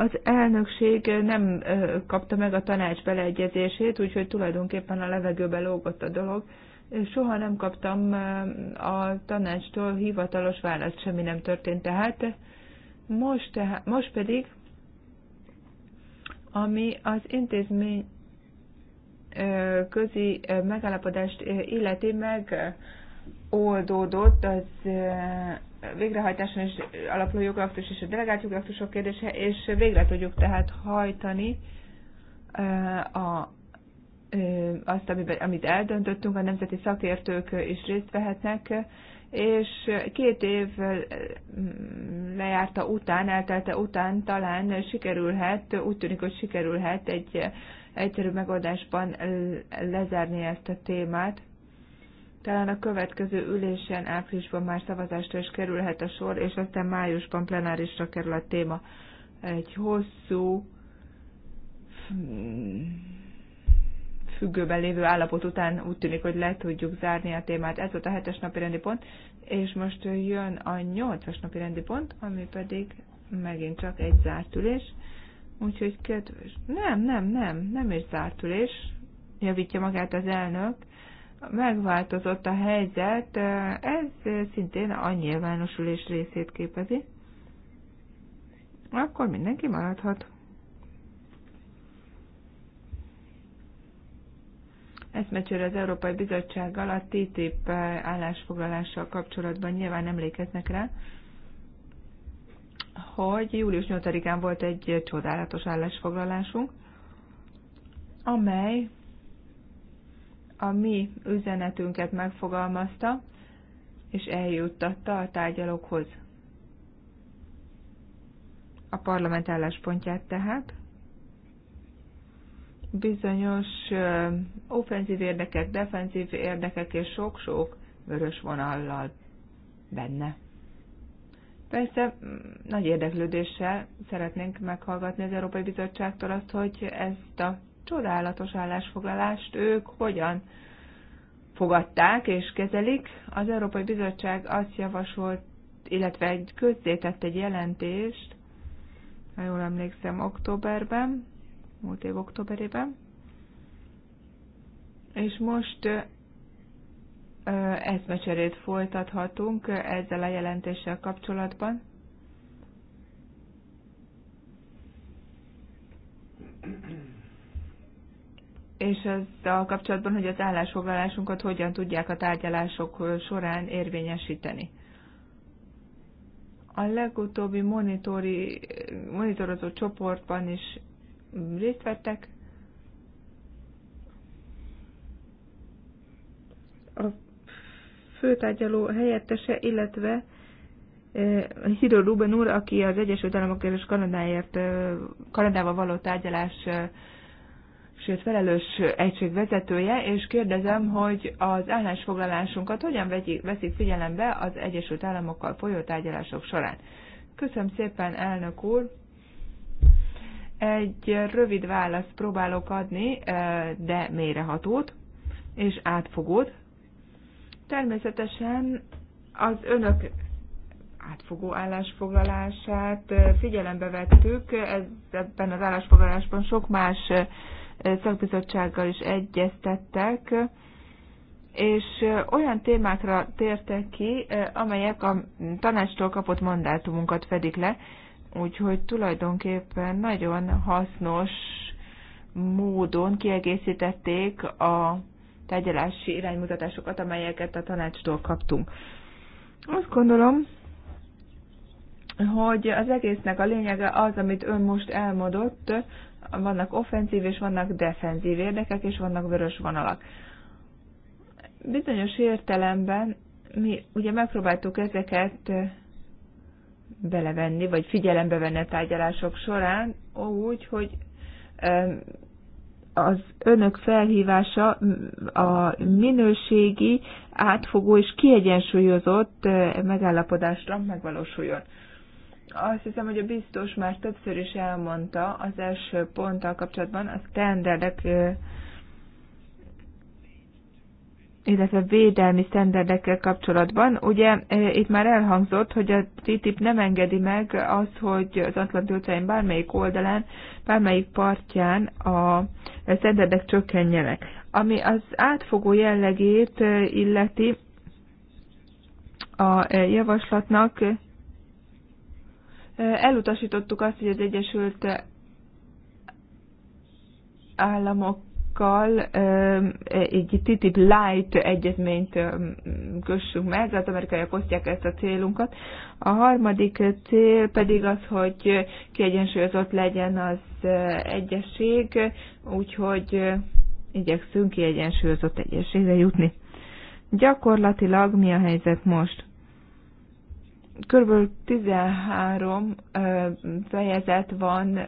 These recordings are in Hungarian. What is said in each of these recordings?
Az elnökség nem kapta meg a tanács beleegyezését, úgyhogy tulajdonképpen a levegőbe lógott a dolog. Soha nem kaptam a tanácstól hivatalos választ, semmi nem történt. Tehát most, tehát, most pedig, ami az intézmény közi megállapodást illeti meg oldódott az végrehajtáson és alapuló jogaktus és a delegált jogaktusok kérdése, és végre tudjuk tehát hajtani a, azt, amit eldöntöttünk, a nemzeti szakértők is részt vehetnek, és két év lejárta után, eltelte után talán sikerülhet, úgy tűnik, hogy sikerülhet egy egyszerű megoldásban lezárni ezt a témát. Talán a következő ülésen áprilisban már szavazásra is kerülhet a sor, és aztán májusban plenárisra kerül a téma. Egy hosszú függőben lévő állapot után úgy tűnik, hogy le tudjuk zárni a témát. Ez volt a hetes napi rendi pont, és most jön a nyolcas napi rendi pont, ami pedig megint csak egy zárt ülés. Úgyhogy kedves, nem, nem, nem, nem is zárt ülés, javítja magát az elnök, megváltozott a helyzet, ez szintén a nyilvánosulás részét képezi, akkor mindenki maradhat. Eszmecsőre az Európai Bizottsággal a TTIP állásfoglalással kapcsolatban nyilván emlékeznek rá, hogy július 8-án volt egy csodálatos állásfoglalásunk, amely a mi üzenetünket megfogalmazta, és eljuttatta a tárgyalókhoz. A parlament álláspontját tehát bizonyos offenzív érdekek, defenzív érdekek és sok-sok vörös vonallal benne. Persze nagy érdeklődéssel szeretnénk meghallgatni az Európai Bizottságtól azt, hogy ezt a csodálatos állásfoglalást ők hogyan fogadták és kezelik. Az Európai Bizottság azt javasolt, illetve egy közzétett egy jelentést, ha jól emlékszem, októberben, múlt év októberében, és most eszmecserét folytathatunk ezzel a jelentéssel kapcsolatban és a kapcsolatban, hogy az állásfoglalásunkat hogyan tudják a tárgyalások során érvényesíteni. A legutóbbi monitori, monitorozó csoportban is részt vettek. A főtárgyaló helyettese, illetve e, Hidro Ruben úr, aki az Egyesült Államok és Kanadáért, e, Kanadával való tárgyalás e, sőt felelős egység vezetője, és kérdezem, hogy az állásfoglalásunkat hogyan veszik figyelembe az Egyesült Államokkal folyó tárgyalások során. Köszönöm szépen, elnök úr! Egy rövid választ próbálok adni, eh, de mélyrehatót és átfogót. Természetesen az önök átfogó állásfoglalását eh, figyelembe vettük, ebben az állásfoglalásban sok más eh, szakbizottsággal is egyeztettek, és olyan témákra tértek ki, amelyek a tanácstól kapott mandátumunkat fedik le, úgyhogy tulajdonképpen nagyon hasznos módon kiegészítették a tegyelási iránymutatásokat, amelyeket a tanácstól kaptunk. Azt gondolom, hogy az egésznek a lényege az, amit ön most elmondott, vannak offenzív és vannak defenzív érdekek, és vannak vörös vonalak. Bizonyos értelemben mi ugye megpróbáltuk ezeket belevenni, vagy figyelembe venni a tárgyalások során, úgy, hogy az önök felhívása a minőségi, átfogó és kiegyensúlyozott megállapodásra megvalósuljon. Azt hiszem, hogy a biztos már többször is elmondta az első ponttal kapcsolatban, a standardek, illetve védelmi standardekkel kapcsolatban. Ugye itt már elhangzott, hogy a TTIP nem engedi meg azt, hogy az Atlanti óceán bármelyik oldalán, bármelyik partján a standardek csökkenjenek. Ami az átfogó jellegét illeti a javaslatnak, Elutasítottuk azt, hogy az Egyesült Államokkal egy TTIP light egyezményt kössünk meg, az amerikaiak osztják ezt a célunkat. A harmadik cél pedig az, hogy kiegyensúlyozott legyen az egyesség, úgyhogy igyekszünk kiegyensúlyozott egyességre jutni. Gyakorlatilag mi a helyzet most? Körülbelül 13 fejezet van,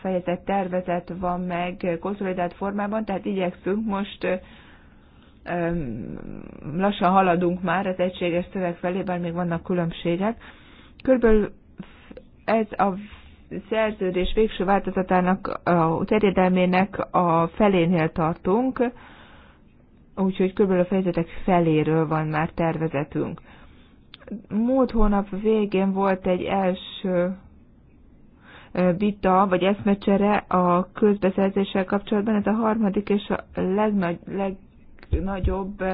fejezet tervezet van meg konszolidált formában, tehát igyekszünk most lassan haladunk már az egységes szöveg felé, bár még vannak különbségek. Körülbelül ez a szerződés végső változatának, a terjedelmének a felénél tartunk, úgyhogy körülbelül a fejezetek feléről van már tervezetünk múlt hónap végén volt egy első vita, vagy eszmecsere a közbeszerzéssel kapcsolatban. Ez a harmadik és a legnagy, legnagyobb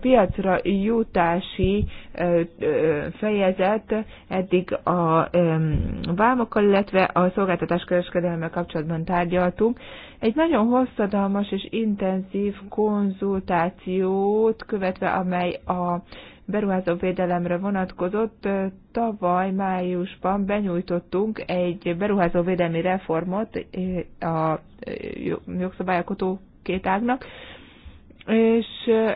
piacra jutási fejezet eddig a vámokkal, illetve a szolgáltatás kereskedelemmel kapcsolatban tárgyaltunk. Egy nagyon hosszadalmas és intenzív konzultációt követve, amely a beruházóvédelemre vonatkozott. Tavaly májusban benyújtottunk egy beruházóvédelmi reformot eh, a eh, jogszabályalkotó két ágnak, és eh,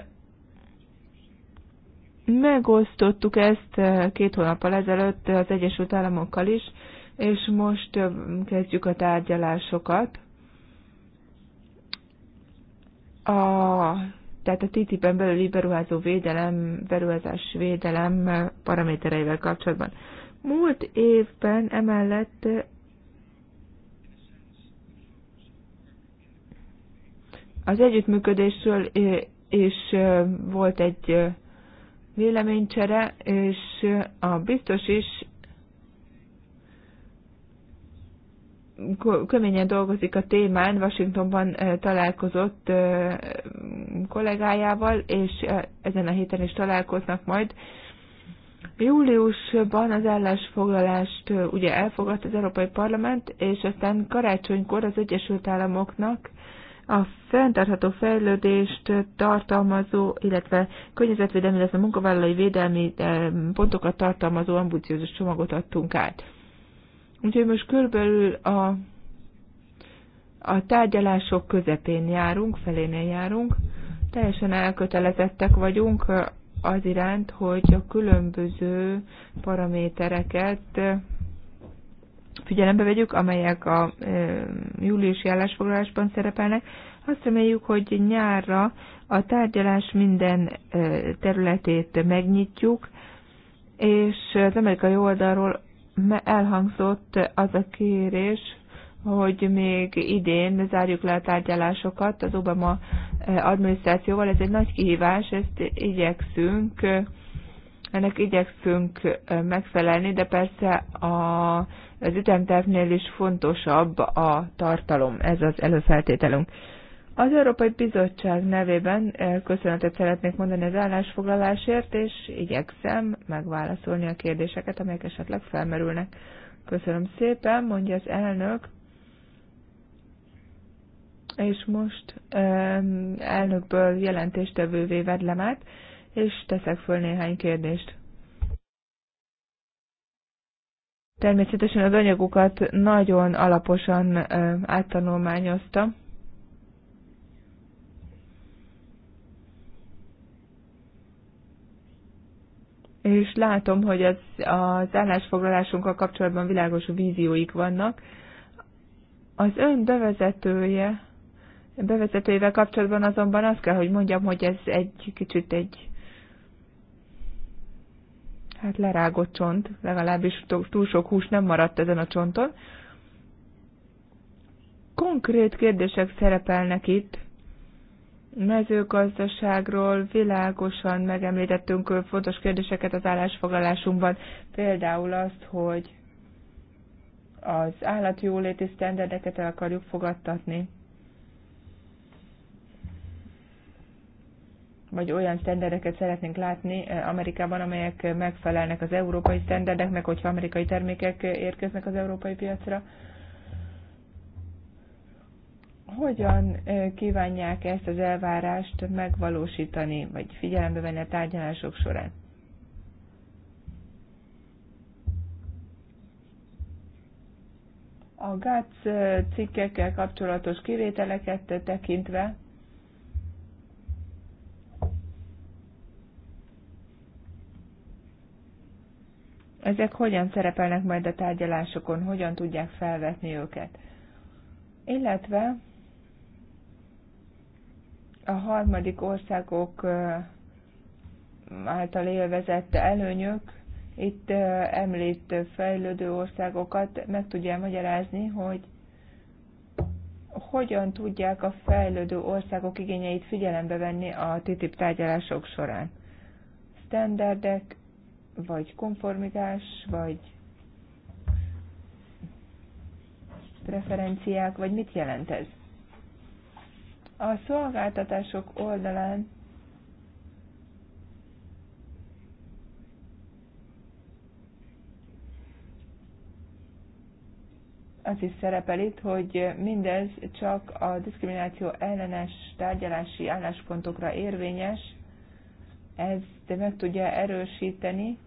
megosztottuk ezt két hónappal ezelőtt az Egyesült Államokkal is, és most kezdjük a tárgyalásokat. A tehát a TTIP-en belüli beruházó védelem, beruházás védelem paramétereivel kapcsolatban. Múlt évben emellett az együttműködésről is volt egy véleménycsere, és a biztos is köményen dolgozik a témán, Washingtonban találkozott kollégájával, és ezen a héten is találkoznak majd. Júliusban az állásfoglalást ugye elfogadt az Európai Parlament, és aztán karácsonykor az Egyesült Államoknak a fenntartható fejlődést tartalmazó, illetve környezetvédelmi, illetve munkavállalói védelmi pontokat tartalmazó ambiciózus csomagot adtunk át. Úgyhogy most körülbelül a, a tárgyalások közepén járunk, felénél járunk. Teljesen elkötelezettek vagyunk az iránt, hogy a különböző paramétereket figyelembe vegyük, amelyek a júliusi állásfoglalásban szerepelnek. Azt reméljük, hogy nyárra a tárgyalás minden területét megnyitjuk, és az amerikai oldalról elhangzott az a kérés, hogy még idén zárjuk le a tárgyalásokat az Obama eh, adminisztrációval. Ez egy nagy kihívás, ezt igyekszünk, ennek igyekszünk eh, megfelelni, de persze a, az ütemtervnél is fontosabb a tartalom, ez az előfeltételünk. Az Európai Bizottság nevében eh, köszönetet szeretnék mondani az állásfoglalásért, és igyekszem megválaszolni a kérdéseket, amelyek esetleg felmerülnek. Köszönöm szépen, mondja az elnök. És most elnökből jelentéstevővé vedlem át, és teszek föl néhány kérdést. Természetesen az anyagokat nagyon alaposan áttanulmányoztam és látom, hogy az, az állásfoglalásunkkal kapcsolatban világos vízióik vannak. Az ön bevezetője, bevezetőjével kapcsolatban azonban azt kell, hogy mondjam, hogy ez egy kicsit egy hát lerágott csont, legalábbis túl sok hús nem maradt ezen a csonton. Konkrét kérdések szerepelnek itt, mezőgazdaságról világosan megemlítettünk fontos kérdéseket az állásfoglalásunkban, például azt, hogy az állatjóléti sztenderdeket el akarjuk fogadtatni, vagy olyan sztendereket szeretnénk látni Amerikában, amelyek megfelelnek az európai sztenderdeknek, hogyha amerikai termékek érkeznek az európai piacra hogyan kívánják ezt az elvárást megvalósítani, vagy figyelembe venni a tárgyalások során? A GATS cikkekkel kapcsolatos kivételeket tekintve, ezek hogyan szerepelnek majd a tárgyalásokon, hogyan tudják felvetni őket. Illetve a harmadik országok által élvezett előnyök, itt említ fejlődő országokat, meg tudja magyarázni, hogy hogyan tudják a fejlődő országok igényeit figyelembe venni a TTIP tárgyalások során. Standardek, vagy konformitás, vagy preferenciák, vagy mit jelent ez? A szolgáltatások oldalán az is szerepel itt, hogy mindez csak a diszkrimináció ellenes tárgyalási álláspontokra érvényes, ez de meg tudja erősíteni,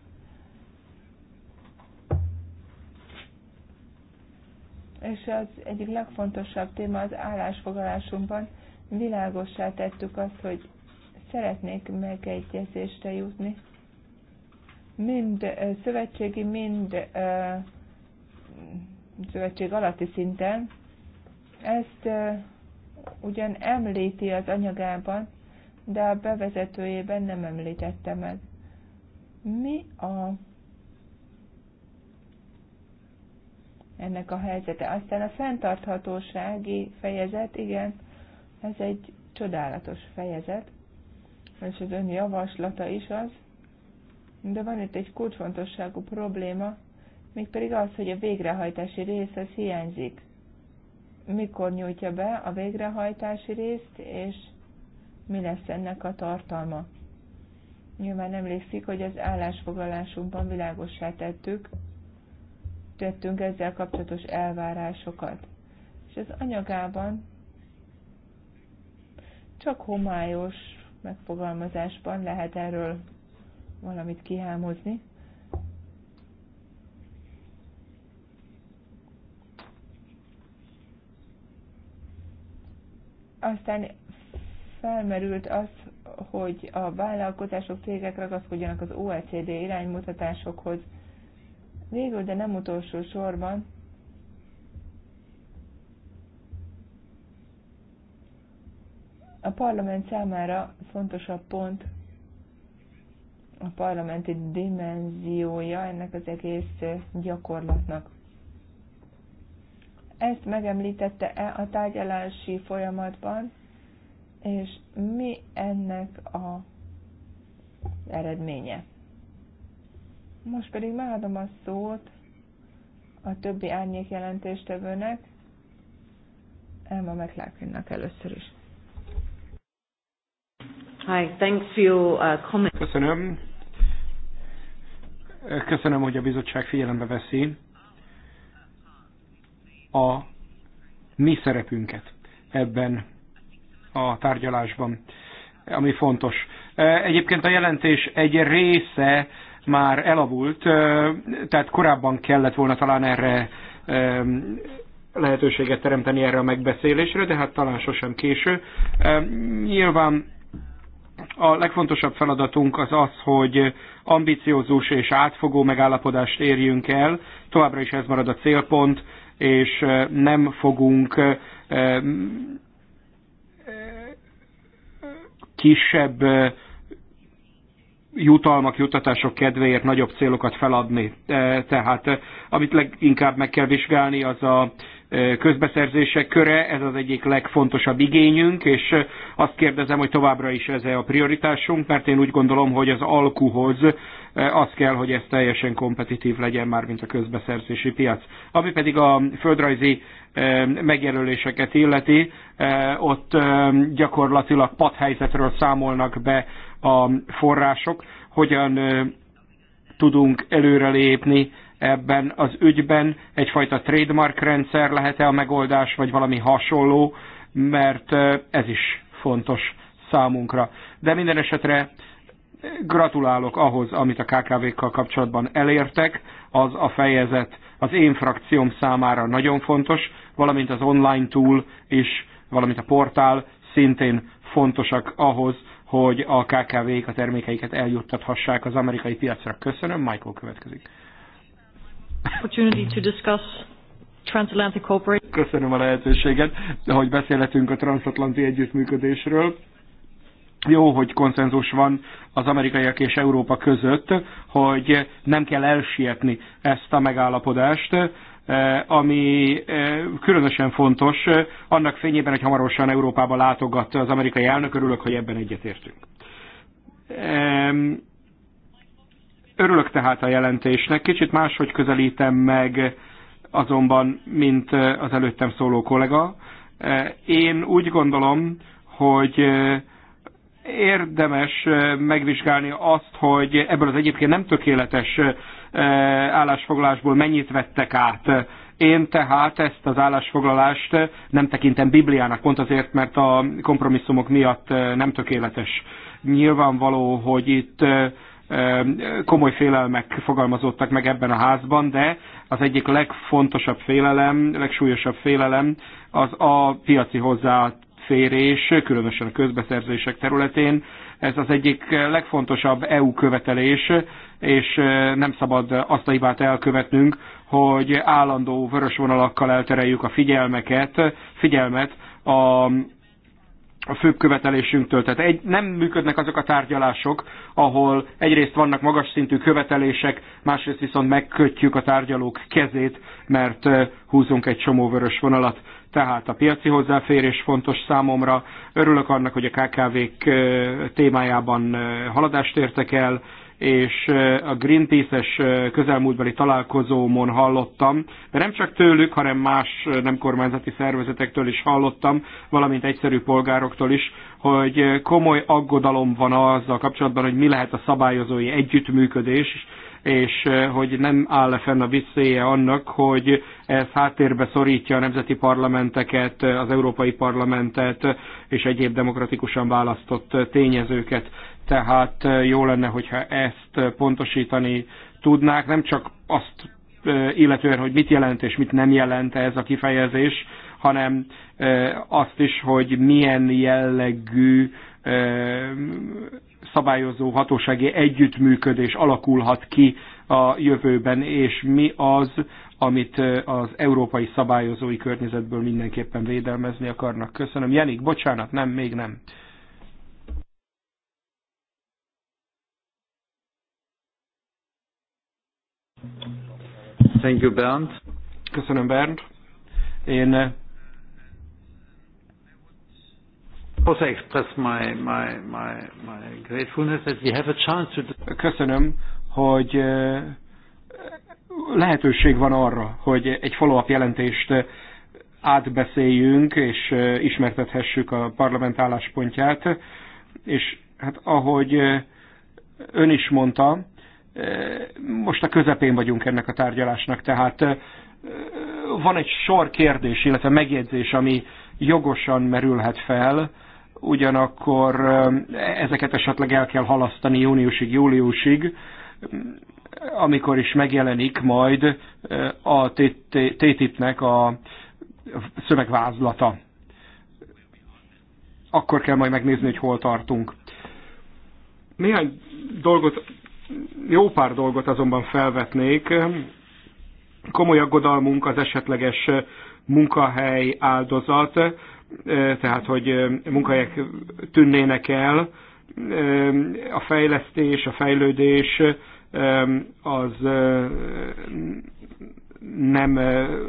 és az egyik legfontosabb téma az állásfoglalásunkban, világossá tettük azt, hogy szeretnék megegyezésre jutni. Mind szövetségi, mind szövetség alatti szinten. Ezt ugyan említi az anyagában, de a bevezetőjében nem említette meg. Mi a ennek a helyzete? Aztán a fenntarthatósági fejezet, igen, ez egy csodálatos fejezet, és az ön javaslata is az, de van itt egy kulcsfontosságú probléma, mégpedig az, hogy a végrehajtási rész az hiányzik. Mikor nyújtja be a végrehajtási részt, és mi lesz ennek a tartalma? Nyilván emlékszik, hogy az állásfoglalásunkban világossá tettük, tettünk ezzel kapcsolatos elvárásokat. És az anyagában csak homályos megfogalmazásban lehet erről valamit kihámozni. Aztán felmerült az, hogy a vállalkozások, cégek ragaszkodjanak az OECD iránymutatásokhoz. Végül, de nem utolsó sorban, parlament számára fontosabb pont a parlamenti dimenziója ennek az egész gyakorlatnak. Ezt megemlítette-e a tárgyalási folyamatban, és mi ennek a eredménye? Most pedig megadom a szót a többi árnyék jelentéstevőnek, Elma McLaughlinnak először is. Hi, thanks for your uh, comment. Köszönöm. Köszönöm, hogy a bizottság figyelembe veszi a mi szerepünket ebben a tárgyalásban, ami fontos. E, egyébként a jelentés egy része már elavult, e, tehát korábban kellett volna talán erre e, lehetőséget teremteni erre a megbeszélésre, de hát talán sosem késő. Nyilván a legfontosabb feladatunk az az, hogy ambiciózus és átfogó megállapodást érjünk el. Továbbra is ez marad a célpont, és eh, nem fogunk eh, eh, kisebb jutalmak, jutatások kedvéért nagyobb célokat feladni. Tehát amit leginkább meg kell vizsgálni, az a közbeszerzések köre, ez az egyik legfontosabb igényünk, és azt kérdezem, hogy továbbra is ez -e a prioritásunk, mert én úgy gondolom, hogy az alkuhoz az kell, hogy ez teljesen kompetitív legyen már, mint a közbeszerzési piac. Ami pedig a földrajzi megjelöléseket illeti, ott gyakorlatilag padhelyzetről számolnak be a források, hogyan tudunk előrelépni ebben az ügyben? Egyfajta trademark rendszer lehet-e a megoldás, vagy valami hasonló, mert ez is fontos számunkra. De minden esetre gratulálok ahhoz, amit a KKV-kkal kapcsolatban elértek. Az a fejezet az én frakcióm számára nagyon fontos, valamint az online tool és valamint a portál szintén fontosak ahhoz, hogy a KKV-k a termékeiket eljuttathassák az amerikai piacra. Köszönöm, Michael következik opportunity to discuss transatlantic cooperation. Köszönöm a lehetőséget, hogy beszélhetünk a transatlanti együttműködésről. Jó, hogy konszenzus van az amerikaiak és Európa között, hogy nem kell elsietni ezt a megállapodást, eh, ami eh, különösen fontos, eh, annak fényében, hogy hamarosan Európába látogat az amerikai elnök, örülök, hogy ebben egyetértünk Örülök tehát a jelentésnek, kicsit máshogy közelítem meg azonban, mint az előttem szóló kollega. Én úgy gondolom, hogy érdemes megvizsgálni azt, hogy ebből az egyébként nem tökéletes állásfoglalásból mennyit vettek át. Én tehát ezt az állásfoglalást nem tekintem Bibliának, pont azért, mert a kompromisszumok miatt nem tökéletes. Nyilvánvaló, hogy itt komoly félelmek fogalmazódtak meg ebben a házban, de az egyik legfontosabb félelem, legsúlyosabb félelem az a piaci hozzáférés, különösen a közbeszerzések területén. Ez az egyik legfontosabb EU követelés, és nem szabad azt a hibát elkövetnünk, hogy állandó vörös vonalakkal eltereljük a figyelmeket, figyelmet a a főbb követelésünktől. Tehát egy, nem működnek azok a tárgyalások, ahol egyrészt vannak magas szintű követelések, másrészt viszont megkötjük a tárgyalók kezét, mert húzunk egy csomó vörös vonalat. Tehát a piaci hozzáférés fontos számomra. Örülök annak, hogy a KKV-k témájában haladást értek el, és a Greenpeace-es közelmúltbeli találkozómon hallottam, de nem csak tőlük, hanem más nem kormányzati szervezetektől is hallottam, valamint egyszerű polgároktól is, hogy komoly aggodalom van azzal kapcsolatban, hogy mi lehet a szabályozói együttműködés, és hogy nem áll le fenn a visszéje annak, hogy ez háttérbe szorítja a nemzeti parlamenteket, az európai parlamentet és egyéb demokratikusan választott tényezőket tehát jó lenne, hogyha ezt pontosítani tudnák, nem csak azt illetően, hogy mit jelent és mit nem jelent ez a kifejezés, hanem azt is, hogy milyen jellegű szabályozó hatósági együttműködés alakulhat ki a jövőben, és mi az, amit az európai szabályozói környezetből mindenképpen védelmezni akarnak. Köszönöm. Jenik, bocsánat, nem, még nem. Thank you, Bernd. Köszönöm, Bernd. Én eh, also express my, my, my, my gratefulness that we have a chance to... Köszönöm, hogy eh, lehetőség van arra, hogy egy follow-up jelentést eh, átbeszéljünk, és ismertethessük a parlament álláspontját. És hát ahogy ön is mondta, most a közepén vagyunk ennek a tárgyalásnak, tehát van egy sor kérdés, illetve megjegyzés, ami jogosan merülhet fel, ugyanakkor ezeket esetleg el kell halasztani júniusig, júliusig, amikor is megjelenik majd a TTIP-nek a szövegvázlata. Akkor kell majd megnézni, hogy hol tartunk. Néhány dolgot jó pár dolgot azonban felvetnék. Komoly aggodalmunk az esetleges munkahely áldozat, e, tehát hogy e, munkahelyek tűnnének el. E, a fejlesztés, a fejlődés az nem,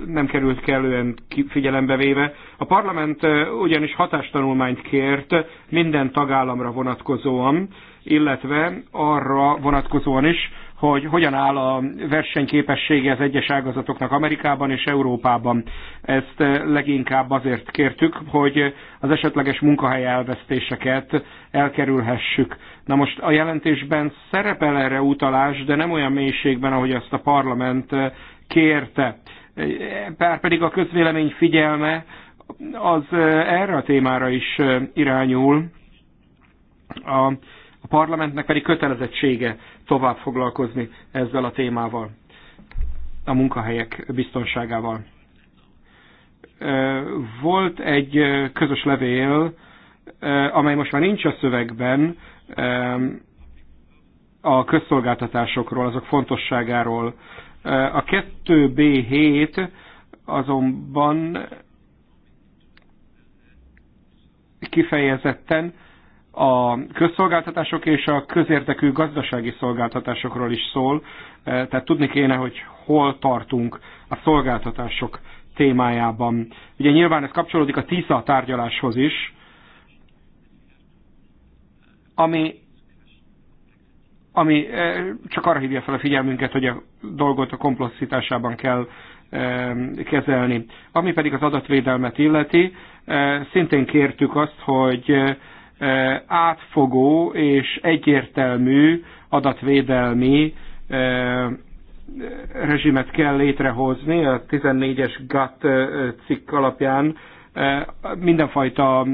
nem került kellően figyelembe véve. A parlament ugyanis hatástanulmányt kért minden tagállamra vonatkozóan, illetve arra vonatkozóan is, hogy hogyan áll a versenyképessége az egyes ágazatoknak Amerikában és Európában. Ezt eh, leginkább azért kértük, hogy az esetleges munkahely elvesztéseket elkerülhessük. Na most a jelentésben szerepel erre utalás, de nem olyan mélységben, ahogy azt a parlament eh, kérte. Pár eh, pedig a közvélemény figyelme az erre a témára is irányul. A a parlamentnek pedig kötelezettsége tovább foglalkozni ezzel a témával, a munkahelyek biztonságával. Volt egy közös levél, amely most már nincs a szövegben, a közszolgáltatásokról, azok fontosságáról. A 2B7 azonban kifejezetten a közszolgáltatások és a közérdekű gazdasági szolgáltatásokról is szól, e, tehát tudni kéne, hogy hol tartunk a szolgáltatások témájában. Ugye nyilván ez kapcsolódik a TISZA tárgyaláshoz is, ami, ami e, csak arra hívja fel a figyelmünket, hogy a dolgot a komplexitásában kell e, kezelni. Ami pedig az adatvédelmet illeti, szintén kértük azt, hogy átfogó és egyértelmű adatvédelmi rezsimet kell létrehozni a 14-es GATT cikk alapján mindenfajta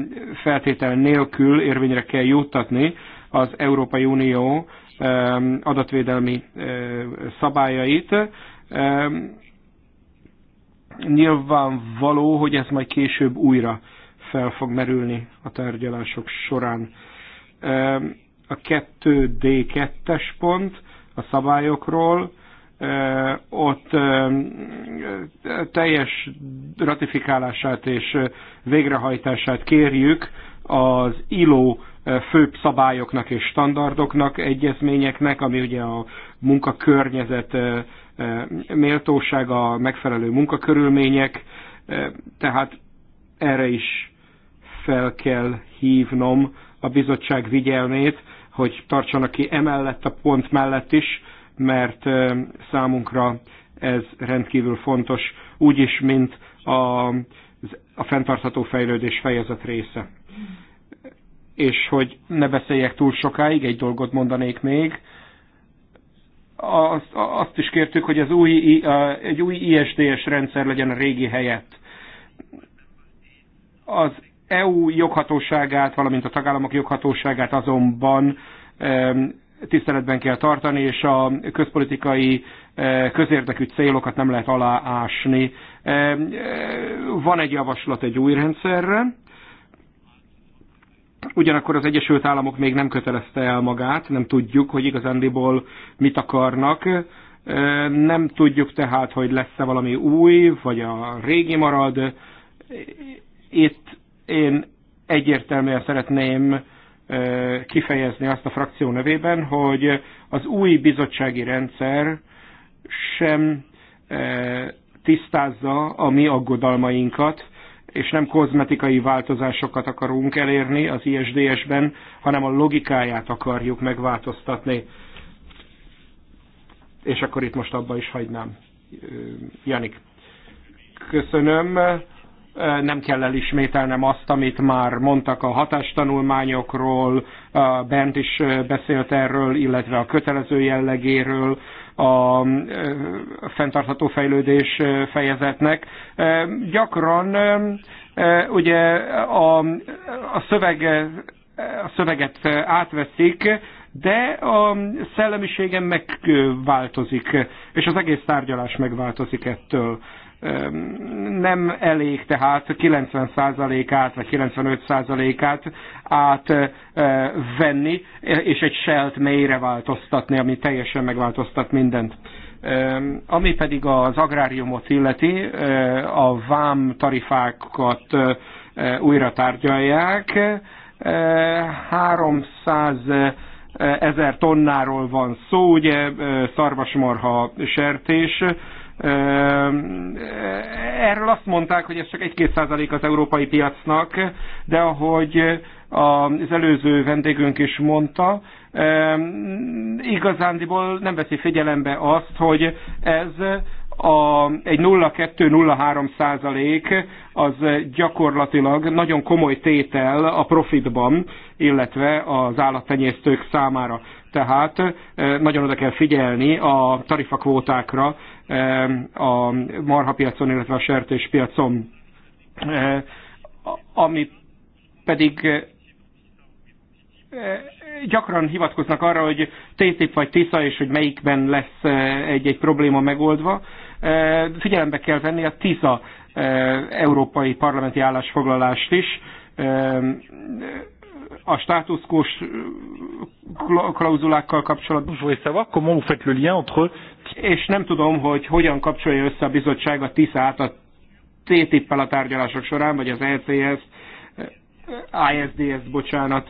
feltétel nélkül érvényre kell juttatni az Európai Unió adatvédelmi szabályait. Nyilvánvaló, hogy ez majd később újra fel fog merülni a tárgyalások során. A 2D2-es pont a szabályokról, ott teljes ratifikálását és végrehajtását kérjük az ILO eh, főbb szabályoknak és standardoknak, egyezményeknek, ami ugye a munkakörnyezet eh, eh, méltósága, megfelelő munkakörülmények, tehát erre is fel kell hívnom a bizottság vigyelmét, hogy tartsanak ki emellett a pont mellett is, mert számunkra ez rendkívül fontos, úgyis, mint a, a fenntartható fejlődés fejezet része. És hogy ne beszéljek túl sokáig, egy dolgot mondanék még, azt, azt is kértük, hogy az új, egy új ISDS rendszer legyen a régi helyett. Az EU joghatóságát, valamint a tagállamok joghatóságát azonban tiszteletben kell tartani, és a közpolitikai eh, közérdekű célokat nem lehet aláásni. Eh, van egy javaslat egy új rendszerre, ugyanakkor az Egyesült Államok még nem kötelezte el magát, nem tudjuk, hogy igazándiból mit akarnak, nem tudjuk tehát, hogy lesz-e valami új, vagy a régi marad. Itt én egyértelműen szeretném kifejezni azt a frakció nevében, hogy az új bizottsági rendszer sem tisztázza a mi aggodalmainkat, és nem kozmetikai változásokat akarunk elérni az ISDS-ben, hanem a logikáját akarjuk megváltoztatni. És akkor itt most abba is hagynám. Janik. Köszönöm nem kell elismételnem azt, amit már mondtak a hatástanulmányokról, Bent is beszélt erről, illetve a kötelező jellegéről, a fenntartható fejlődés fejezetnek. Gyakran ugye a, a, szöveg, a szöveget átveszik, de a szellemiségem megváltozik, és az egész tárgyalás megváltozik ettől nem elég tehát 90%-át vagy 95%-át átvenni, és egy selt mélyre változtatni, ami teljesen megváltoztat mindent. Ami pedig az agráriumot illeti, a vám tarifákat újra tárgyalják, 300 ezer tonnáról van szó, ugye szarvasmarha sertés, Erről azt mondták, hogy ez csak 1-2 százalék az európai piacnak, de ahogy az előző vendégünk is mondta, igazándiból nem veszi figyelembe azt, hogy ez a, egy 0,2-0,3 százalék az gyakorlatilag nagyon komoly tétel a profitban, illetve az állattenyésztők számára. Tehát nagyon oda kell figyelni a tarifakvótákra Eh, a marhapiacon, illetve a sertéspiacon, eh, ami pedig eh, gyakran hivatkoznak arra, hogy TTIP vagy TISZA, és hogy melyikben lesz egy-egy probléma megoldva. Figyelembe kell venni a TISZA európai parlamenti állásfoglalást is a státuszkós klauzulákkal kapcsolatban. És nem tudom, hogy hogyan kapcsolja össze a bizottság a TISZ-át a ttip el a tárgyalások során, vagy az ECS, ISDS, bocsánat.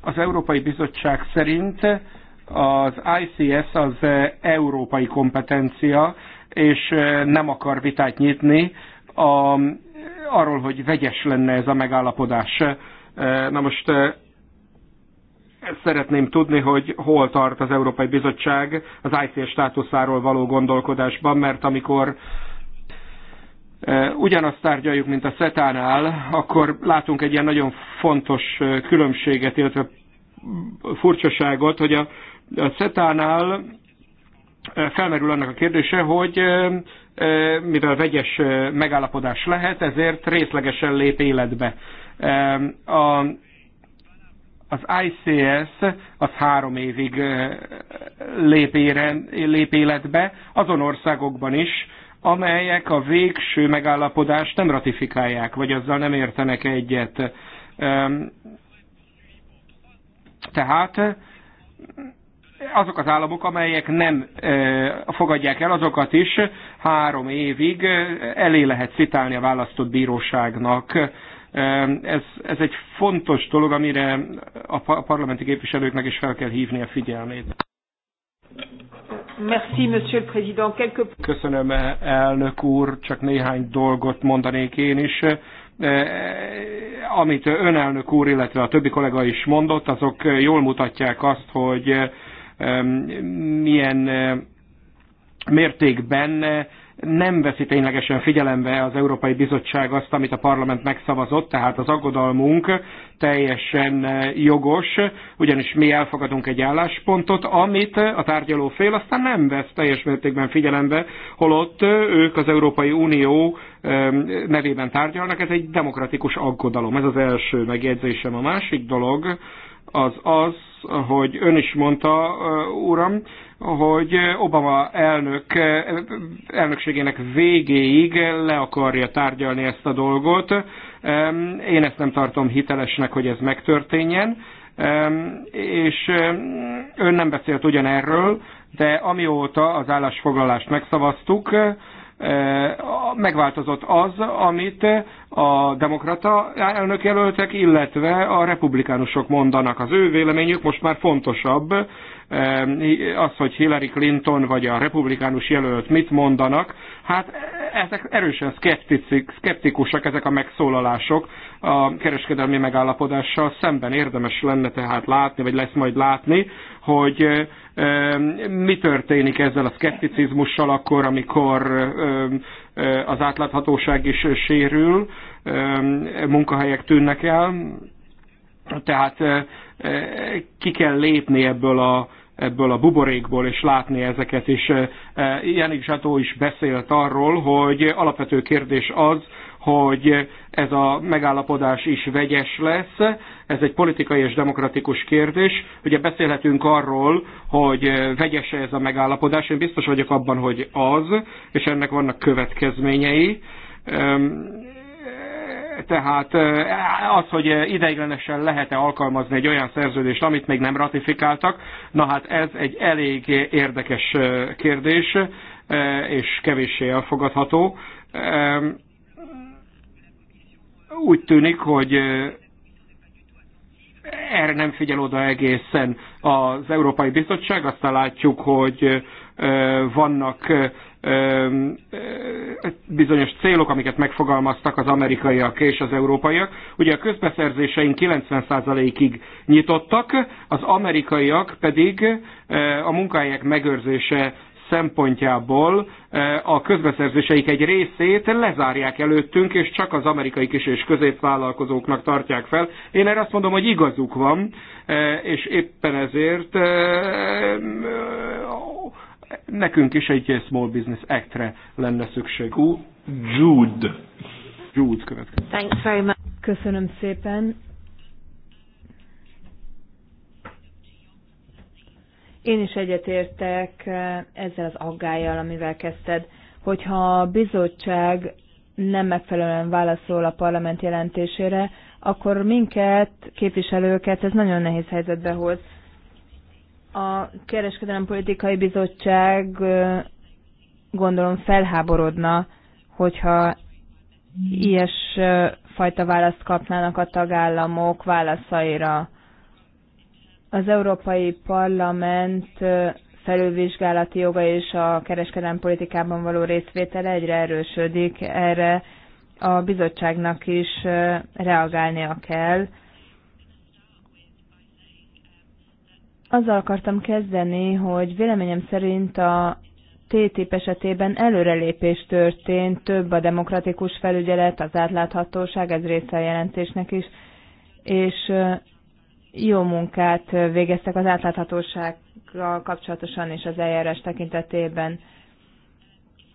Az Európai Bizottság szerint az ICS az európai kompetencia, és nem akar vitát nyitni a arról, hogy vegyes lenne ez a megállapodás. Na most szeretném tudni, hogy hol tart az Európai Bizottság az ICS státuszáról való gondolkodásban, mert amikor ugyanazt tárgyaljuk, mint a SETA-nál, akkor látunk egy ilyen nagyon fontos különbséget, illetve furcsaságot, hogy a, a SETA-nál felmerül annak a kérdése, hogy mivel vegyes megállapodás lehet, ezért részlegesen lép életbe. A, az ICS az három évig lép, ére, lép életbe azon országokban is, amelyek a végső megállapodást nem ratifikálják, vagy azzal nem értenek egyet. Tehát azok az államok, amelyek nem fogadják el, azokat is három évig elé lehet citálni a választott bíróságnak. Ez, ez egy fontos dolog, amire a parlamenti képviselőknek is fel kell hívni a figyelmét. Merci, Monsieur le Président. Quelque... Köszönöm, elnök úr, csak néhány dolgot mondanék én is. Amit önelnök úr, illetve a többi kollega is mondott, azok jól mutatják azt, hogy milyen mértékben nem veszi ténylegesen figyelembe az Európai Bizottság azt, amit a parlament megszavazott, tehát az aggodalmunk teljesen jogos, ugyanis mi elfogadunk egy álláspontot, amit a tárgyaló fél aztán nem vesz teljes mértékben figyelembe, holott ők az Európai Unió nevében tárgyalnak, ez egy demokratikus aggodalom. Ez az első megjegyzésem. A másik dolog, az az, hogy ön is mondta, uram, hogy Obama elnök elnökségének végéig le akarja tárgyalni ezt a dolgot. Én ezt nem tartom hitelesnek, hogy ez megtörténjen. És ön nem beszélt ugyanerről, de amióta az állásfoglalást megszavaztuk, megváltozott az, amit a demokrata elnök jelöltek, illetve a republikánusok mondanak. Az ő véleményük most már fontosabb, eh, az, hogy Hillary Clinton vagy a republikánus jelölt mit mondanak, hát eh, ezek erősen szkeptikusak ezek a megszólalások a kereskedelmi megállapodással szemben. Érdemes lenne tehát látni, vagy lesz majd látni, hogy eh, mi történik ezzel a szkepticizmussal akkor, amikor az átláthatóság is sérül, munkahelyek tűnnek el, tehát ki kell lépni ebből a, ebből a buborékból, és látni ezeket. És Janik Zsató is beszélt arról, hogy alapvető kérdés az, hogy ez a megállapodás is vegyes lesz. Ez egy politikai és demokratikus kérdés. Ugye beszélhetünk arról, hogy vegyes -e ez a megállapodás. Én biztos vagyok abban, hogy az, és ennek vannak következményei tehát az, hogy ideiglenesen lehet-e alkalmazni egy olyan szerződést, amit még nem ratifikáltak, na hát ez egy elég érdekes kérdés, és kevéssé elfogadható. Úgy tűnik, hogy erre nem figyel oda egészen az Európai Bizottság, aztán látjuk, hogy vannak bizonyos célok, amiket megfogalmaztak az amerikaiak és az európaiak. Ugye a közbeszerzéseink 90%-ig nyitottak, az amerikaiak pedig a munkahelyek megőrzése szempontjából a közbeszerzéseik egy részét lezárják előttünk, és csak az amerikai kis és középvállalkozóknak tartják fel. Én erre azt mondom, hogy igazuk van, és éppen ezért nekünk is egy Small Business Act-re lenne szükség. Jude. Jude következik. Thanks very much. Köszönöm szépen. Én is egyetértek eh, ezzel az aggájjal, amivel kezdted, hogyha a bizottság nem megfelelően válaszol a parlament jelentésére, akkor minket, képviselőket ez nagyon nehéz helyzetbe hoz. A Kereskedelem Politikai Bizottság gondolom felháborodna, hogyha ilyes fajta választ kapnának a tagállamok válaszaira. Az Európai Parlament felülvizsgálati joga és a kereskedelmi politikában való részvétel egyre erősödik, erre a bizottságnak is reagálnia kell, azzal akartam kezdeni, hogy véleményem szerint a TTIP esetében előrelépés történt, több a demokratikus felügyelet, az átláthatóság, ez része a jelentésnek is, és jó munkát végeztek az átláthatósággal kapcsolatosan és az eljárás tekintetében.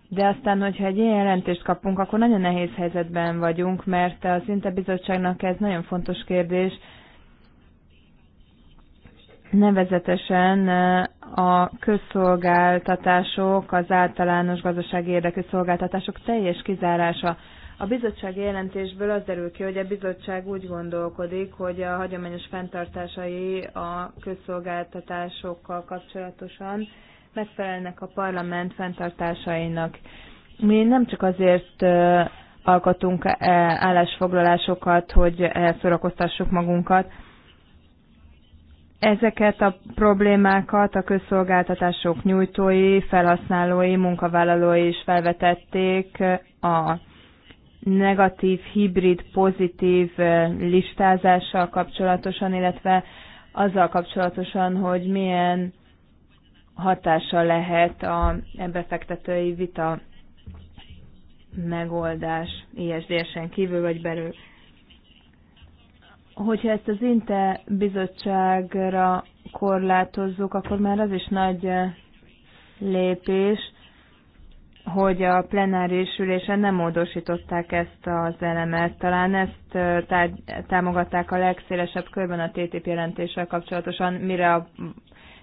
De aztán, hogyha egy ilyen jelentést kapunk, akkor nagyon nehéz helyzetben vagyunk, mert az Interbizottságnak ez nagyon fontos kérdés, nevezetesen eh, a közszolgáltatások, az általános gazdasági érdekű szolgáltatások teljes kizárása. A bizottság jelentésből az derül ki, hogy a bizottság úgy gondolkodik, hogy a hagyományos fenntartásai a közszolgáltatásokkal kapcsolatosan megfelelnek a parlament fenntartásainak. Mi nem csak azért eh, alkotunk eh, állásfoglalásokat, hogy elszorakoztassuk magunkat, ezeket a problémákat a közszolgáltatások nyújtói, felhasználói, munkavállalói is felvetették a negatív, hibrid, pozitív listázással kapcsolatosan, illetve azzal kapcsolatosan, hogy milyen hatása lehet a befektetői vita megoldás ISDS-en kívül vagy belül hogyha ezt az Inte bizottságra korlátozzuk, akkor már az is nagy eh, lépés, hogy a plenáris ülésen nem módosították ezt az elemet. Talán ezt eh, támogatták a legszélesebb körben a TTIP jelentéssel kapcsolatosan, mire a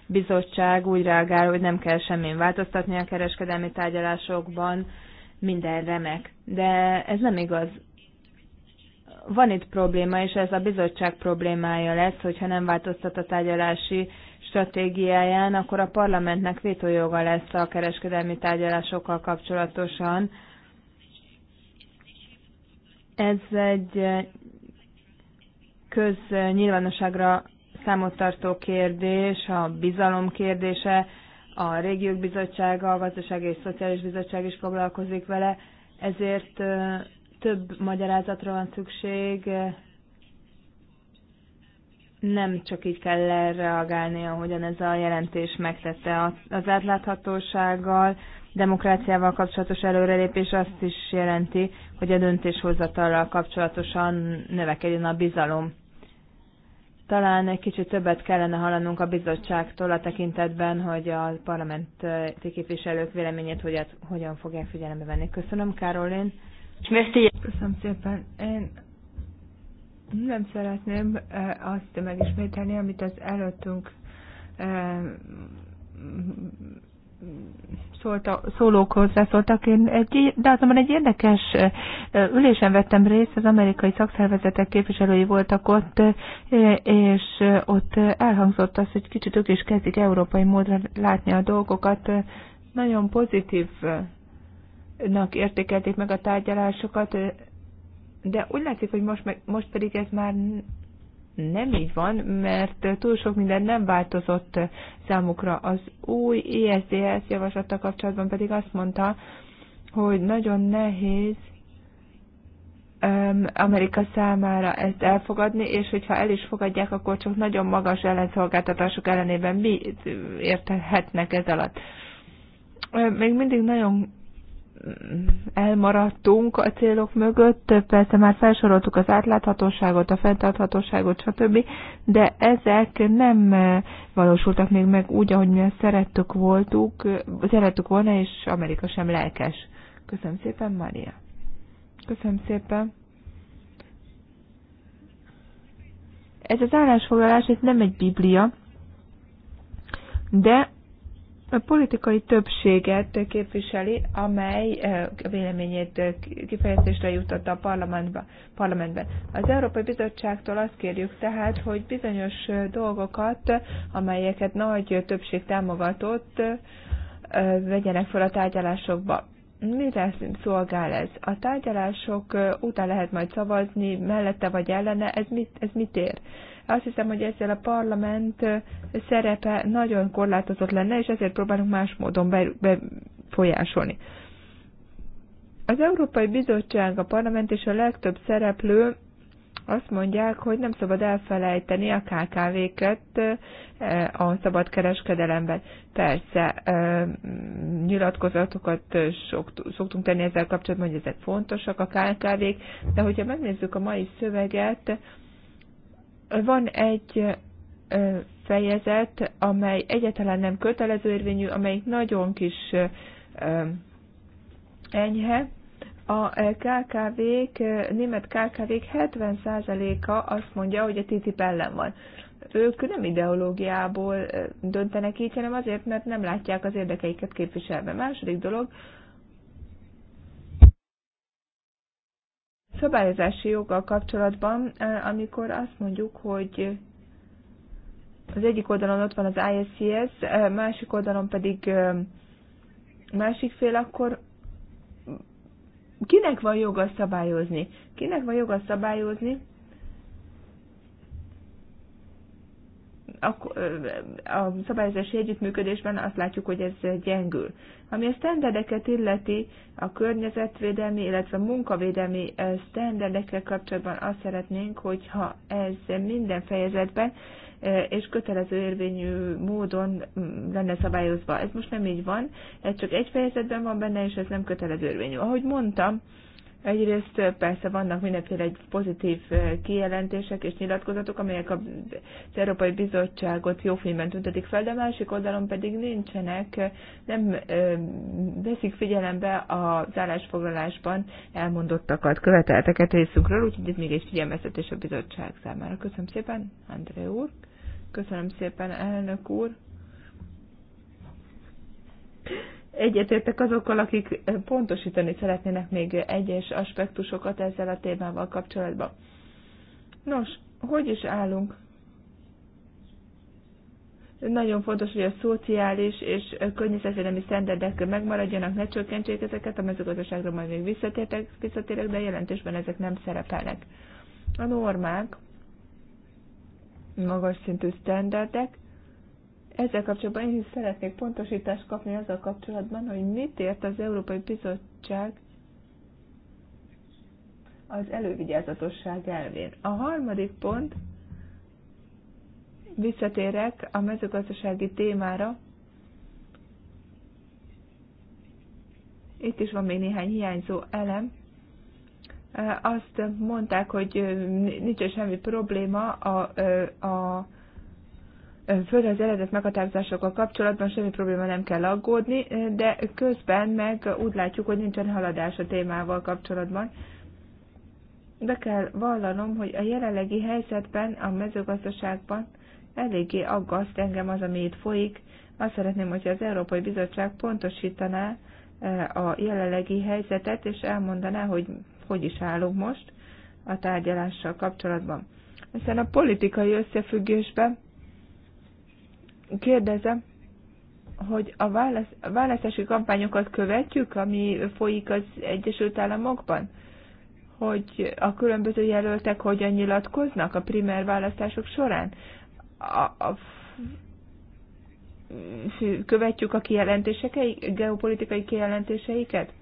bizottság úgy reagál, hogy nem kell semmin változtatni a kereskedelmi tárgyalásokban, minden remek. De ez nem igaz van itt probléma, és ez a bizottság problémája lesz, hogyha nem változtat a tárgyalási stratégiáján, akkor a parlamentnek vétójoga lesz a kereskedelmi tárgyalásokkal kapcsolatosan. Ez egy köznyilvánosságra számottartó kérdés, a bizalom kérdése, a régiók bizottsága, a gazdasági és szociális bizottság is foglalkozik vele, ezért több magyarázatra van szükség, nem csak így kell reagálni, ahogyan ez a jelentés megtette. Az átláthatósággal, demokráciával kapcsolatos előrelépés azt is jelenti, hogy a döntéshozatallal kapcsolatosan növekedjen a bizalom. Talán egy kicsit többet kellene hallanunk a bizottságtól a tekintetben, hogy a parlamenti képviselők véleményét hogyan, hogyan fogják figyelembe venni. Köszönöm, Károlén. Köszönöm szépen. Én nem szeretném eh, azt megismételni, amit az előttünk eh, szólta, szólók hozzászóltak. Én egy, de azonban egy érdekes eh, ülésen vettem részt, az amerikai szakszervezetek képviselői voltak ott, és ott elhangzott az, hogy kicsit ők is kezdik európai módra látni a dolgokat. Nagyon pozitív nak értékelték meg a tárgyalásokat, de úgy látszik, hogy most, meg, most pedig ez már nem így van, mert túl sok minden nem változott számukra. Az új ESDS javaslata kapcsolatban pedig azt mondta, hogy nagyon nehéz Amerika számára ezt elfogadni, és hogyha el is fogadják, akkor csak nagyon magas ellenszolgáltatások ellenében mi érthetnek ez alatt. Még mindig nagyon elmaradtunk a célok mögött, persze már felsoroltuk az átláthatóságot, a fenntarthatóságot, stb., de ezek nem valósultak még meg úgy, ahogy mi ezt szerettük, voltuk, szerettük volna, és Amerika sem lelkes. Köszönöm szépen, Maria. Köszönöm szépen. Ez az állásfoglalás, ez nem egy biblia, de politikai többséget képviseli, amely eh, véleményét eh, kifejezésre jutott a parlamentbe. parlamentben. Az Európai Bizottságtól azt kérjük tehát, hogy bizonyos eh, dolgokat, amelyeket nagy többség támogatott, vegyenek fel a tárgyalásokba. Mire szolgál ez? A tárgyalások után lehet majd szavazni, mellette vagy ellene, ez mit, ez mit ér? Azt hiszem, hogy ezzel a parlament szerepe nagyon korlátozott lenne, és ezért próbálunk más módon befolyásolni. Az Európai Bizottság, a parlament és a legtöbb szereplő azt mondják, hogy nem szabad elfelejteni a KKV-ket a szabadkereskedelemben. Persze, nyilatkozatokat szoktunk tenni ezzel kapcsolatban, hogy ezek fontosak a KKV-k, de hogyha megnézzük a mai szöveget, van egy fejezet, amely egyáltalán nem kötelező érvényű, amelyik nagyon kis enyhe. A KKV-k, német KKV-k 70%-a azt mondja, hogy a TTIP ellen van. Ők nem ideológiából döntenek így, hanem azért, mert nem látják az érdekeiket képviselve. Második dolog, szabályozási joggal kapcsolatban, amikor azt mondjuk, hogy az egyik oldalon ott van az ISCS, másik oldalon pedig másik fél, akkor kinek van joga szabályozni? Kinek van joga szabályozni? a szabályozási együttműködésben azt látjuk, hogy ez gyengül. Ami a sztenderdeket illeti, a környezetvédelmi, illetve munkavédelmi sztenderdekkel kapcsolatban azt szeretnénk, hogyha ez minden fejezetben és kötelező érvényű módon lenne szabályozva. Ez most nem így van, ez csak egy fejezetben van benne, és ez nem kötelező érvényű. Ahogy mondtam, Egyrészt persze vannak mindenféle pozitív kijelentések és nyilatkozatok, amelyek az Európai Bizottságot filmben tüntetik fel, de másik oldalon pedig nincsenek, nem veszik figyelembe az állásfoglalásban elmondottakat, követelteket részünkről, úgyhogy ez még egy figyelmeztetés a bizottság számára. Köszönöm szépen, André úr. Köszönöm szépen, elnök úr egyetértek azokkal, akik pontosítani szeretnének még egyes aspektusokat ezzel a témával kapcsolatban. Nos, hogy is állunk? Nagyon fontos, hogy a szociális és környezetvédelmi szenderdek megmaradjanak, ne csökkentsék ezeket, a mezőgazdaságra majd még visszatérek, visszatérek, de jelentősben jelentésben ezek nem szerepelnek. A normák, magas szintű sztenderdek, ezzel kapcsolatban én is szeretnék pontosítást kapni azzal kapcsolatban, hogy mit ért az Európai Bizottság az elővigyázatosság elvén. A harmadik pont, visszatérek a mezőgazdasági témára, itt is van még néhány hiányzó elem. Azt mondták, hogy nincs semmi probléma a, a földrajz eredet meghatározásokkal kapcsolatban semmi probléma nem kell aggódni, de közben meg úgy látjuk, hogy nincsen haladás a témával kapcsolatban. Be kell vallanom, hogy a jelenlegi helyzetben, a mezőgazdaságban eléggé aggaszt engem az, ami itt folyik. Azt szeretném, hogy az Európai Bizottság pontosítaná e, a jelenlegi helyzetet, és elmondaná, hogy hogy is állunk most a tárgyalással kapcsolatban. Hiszen a politikai összefüggésben kérdezem, hogy a válasz, választási kampányokat követjük, ami folyik az Egyesült Államokban? Hogy a különböző jelöltek hogyan nyilatkoznak a primer választások során? A, a, követjük a kijelentéseket, geopolitikai kijelentéseiket?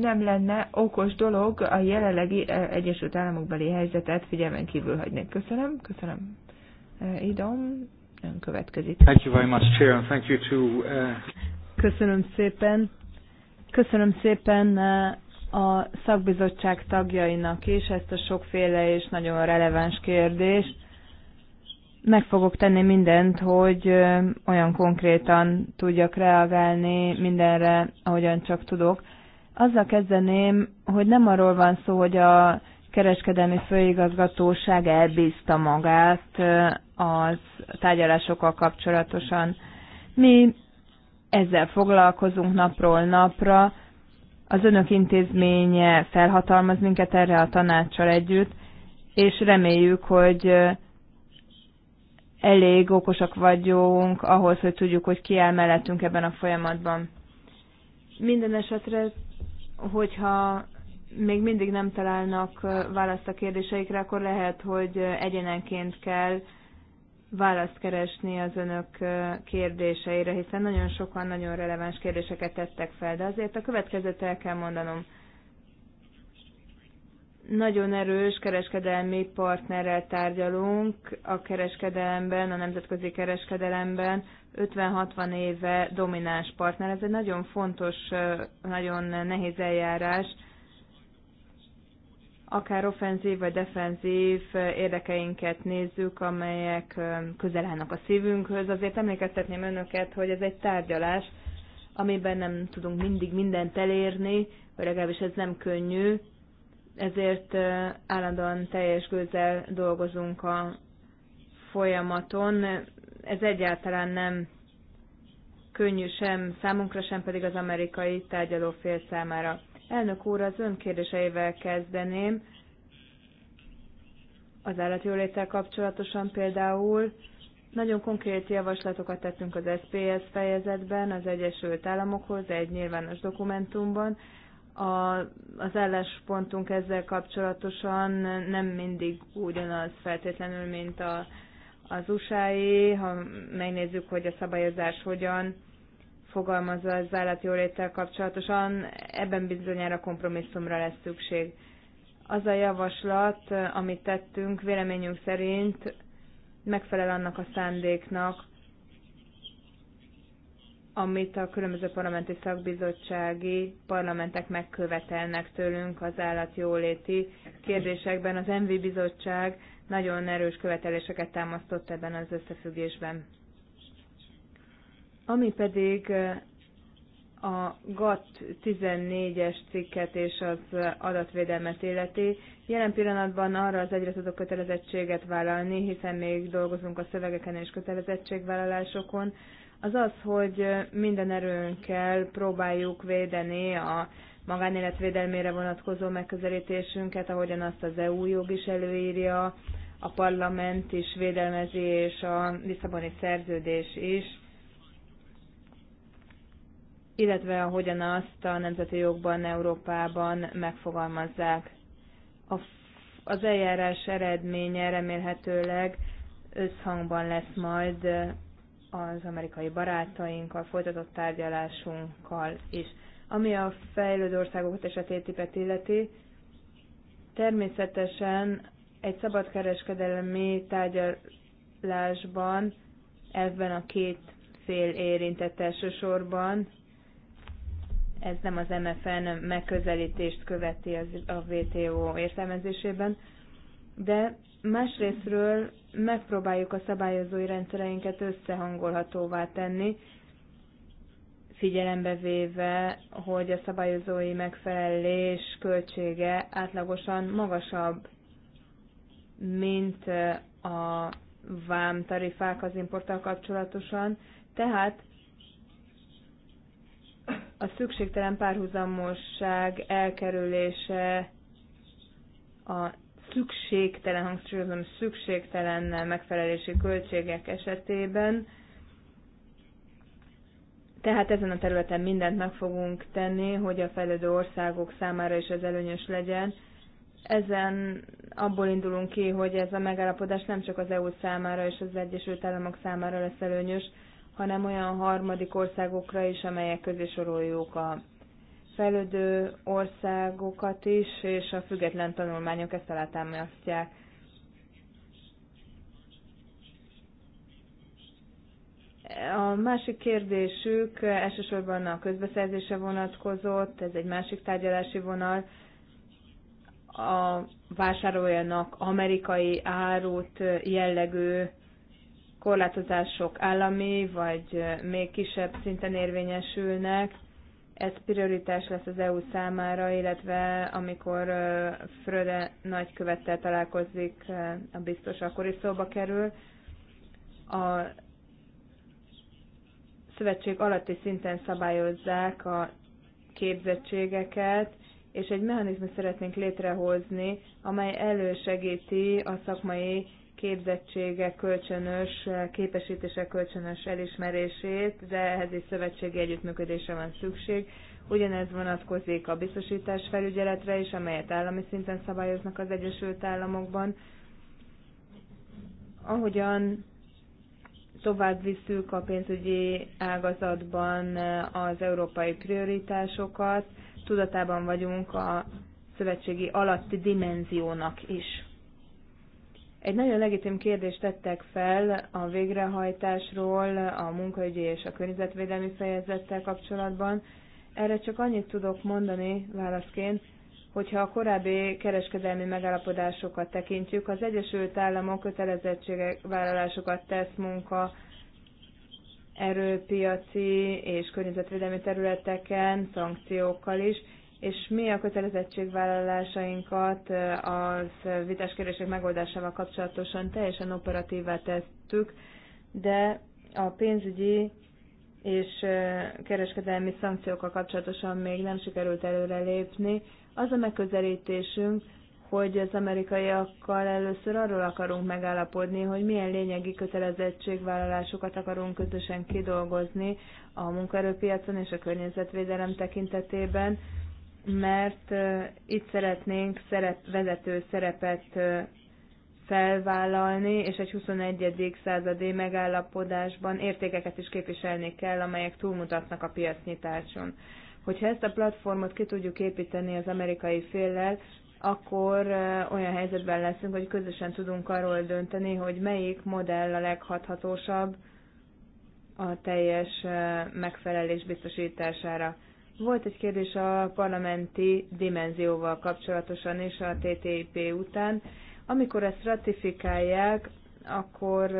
nem lenne okos dolog a jelenlegi eh, Egyesült beli helyzetet figyelmen kívül hagyni. Köszönöm, köszönöm. Eh, Idom, ön következik. Thank you very much, Chair, and thank you to, uh... Köszönöm szépen. Köszönöm szépen a szakbizottság tagjainak is ezt a sokféle és nagyon releváns kérdést. Meg fogok tenni mindent, hogy olyan konkrétan tudjak reagálni mindenre, ahogyan csak tudok. Azzal kezdeném, hogy nem arról van szó, hogy a kereskedelmi főigazgatóság elbízta magát az tárgyalásokkal kapcsolatosan. Mi ezzel foglalkozunk napról napra, az önök intézménye felhatalmaz minket erre a tanácssal együtt, és reméljük, hogy elég okosak vagyunk ahhoz, hogy tudjuk, hogy ki áll mellettünk ebben a folyamatban. Minden esetre hogyha még mindig nem találnak választ a kérdéseikre, akkor lehet, hogy egyenenként kell választ keresni az önök kérdéseire, hiszen nagyon sokan nagyon releváns kérdéseket tettek fel, de azért a következőt el kell mondanom. Nagyon erős kereskedelmi partnerrel tárgyalunk a kereskedelemben, a nemzetközi kereskedelemben, 50-60 éve domináns partner. Ez egy nagyon fontos, nagyon nehéz eljárás, akár offenzív vagy defenzív érdekeinket nézzük, amelyek közel állnak a szívünkhöz. Azért emlékeztetném önöket, hogy ez egy tárgyalás, amiben nem tudunk mindig mindent elérni, vagy legalábbis ez nem könnyű, ezért állandóan teljes gőzzel dolgozunk a folyamaton ez egyáltalán nem könnyű sem számunkra, sem pedig az amerikai fél számára. Elnök úr, az ön kérdéseivel kezdeném. Az állatjóléttel kapcsolatosan például nagyon konkrét javaslatokat tettünk az SPS fejezetben, az Egyesült Államokhoz, egy nyilvános dokumentumban. A, az álláspontunk ezzel kapcsolatosan nem mindig ugyanaz feltétlenül, mint a az usa ha megnézzük, hogy a szabályozás hogyan fogalmazza az állati jóléttel kapcsolatosan, ebben bizonyára kompromisszumra lesz szükség. Az a javaslat, amit tettünk, véleményünk szerint megfelel annak a szándéknak, amit a különböző parlamenti szakbizottsági parlamentek megkövetelnek tőlünk az állatjóléti kérdésekben. Az MV bizottság nagyon erős követeléseket támasztott ebben az összefüggésben. Ami pedig a GATT 14-es cikket és az adatvédelmet életi Jelen pillanatban arra az egyre tudok kötelezettséget vállalni, hiszen még dolgozunk a szövegeken és kötelezettségvállalásokon, az az, hogy minden erőnkkel próbáljuk védeni a magánéletvédelmére vonatkozó megközelítésünket, ahogyan azt az EU jog is előírja, a parlament is védelmezi, és a Lisszaboni szerződés is, illetve ahogyan azt a nemzeti jogban Európában megfogalmazzák. A, az eljárás eredménye remélhetőleg összhangban lesz majd az amerikai barátainkkal folytatott tárgyalásunkkal is. Ami a fejlődő országok esetét Tibet illeti, természetesen egy szabadkereskedelmi tárgyalásban ebben a két fél érintett elsősorban, ez nem az MFN megközelítést követi az, a WTO értelmezésében, de másrésztről megpróbáljuk a szabályozói rendszereinket összehangolhatóvá tenni, figyelembe véve, hogy a szabályozói megfelelés költsége átlagosan magasabb, mint eh, a vám tarifák az importtal kapcsolatosan, tehát a szükségtelen párhuzamosság elkerülése a szükségtelen, hangsúlyozom, szükségtelen megfelelési költségek esetében tehát ezen a területen mindent meg fogunk tenni, hogy a fejlődő országok számára is ez előnyös legyen. Ezen abból indulunk ki, hogy ez a megállapodás nem csak az EU számára és az Egyesült Államok számára lesz előnyös, hanem olyan harmadik országokra is, amelyek közé soroljuk a fejlődő országokat is, és a független tanulmányok ezt alátámasztják. A másik kérdésük elsősorban a közbeszerzése vonatkozott, ez egy másik tárgyalási vonal. A vásároljanak amerikai árut jellegű korlátozások állami vagy még kisebb szinten érvényesülnek. Ez prioritás lesz az EU számára, illetve amikor Fröde nagykövettel találkozik, a biztos akkor is szóba kerül. A szövetség alatti szinten szabályozzák a képzettségeket, és egy mechanizmus szeretnénk létrehozni, amely elősegíti a szakmai képzettségek kölcsönös, képesítések kölcsönös elismerését, de ehhez is szövetségi együttműködése van szükség. Ugyanez vonatkozik a biztosítás felügyeletre is, amelyet állami szinten szabályoznak az Egyesült Államokban. Ahogyan tovább visszük a pénzügyi ágazatban az európai prioritásokat, tudatában vagyunk a szövetségi alatti dimenziónak is. Egy nagyon legitim kérdést tettek fel a végrehajtásról, a munkaügyi és a környezetvédelmi fejezettel kapcsolatban. Erre csak annyit tudok mondani válaszként, Hogyha a korábbi kereskedelmi megállapodásokat tekintjük, az Egyesült Államok vállalásokat tesz munka erőpiaci és környezetvédelmi területeken szankciókkal is, és mi a kötelezettségvállalásainkat eh, az vitáskérdések megoldásával kapcsolatosan teljesen operatívá tettük, de a pénzügyi és eh, kereskedelmi szankciókkal kapcsolatosan még nem sikerült előrelépni, az a megközelítésünk, hogy az amerikaiakkal először arról akarunk megállapodni, hogy milyen lényegi kötelezettségvállalásokat akarunk közösen kidolgozni a munkaerőpiacon és a környezetvédelem tekintetében, mert itt szeretnénk szerep, vezető szerepet felvállalni, és egy 21. századi megállapodásban értékeket is képviselni kell, amelyek túlmutatnak a piacnyitáson. Hogyha ezt a platformot ki tudjuk építeni az amerikai féllel, akkor olyan helyzetben leszünk, hogy közösen tudunk arról dönteni, hogy melyik modell a leghathatósabb a teljes megfelelés biztosítására. Volt egy kérdés a parlamenti dimenzióval kapcsolatosan és a TTIP után. Amikor ezt ratifikálják, akkor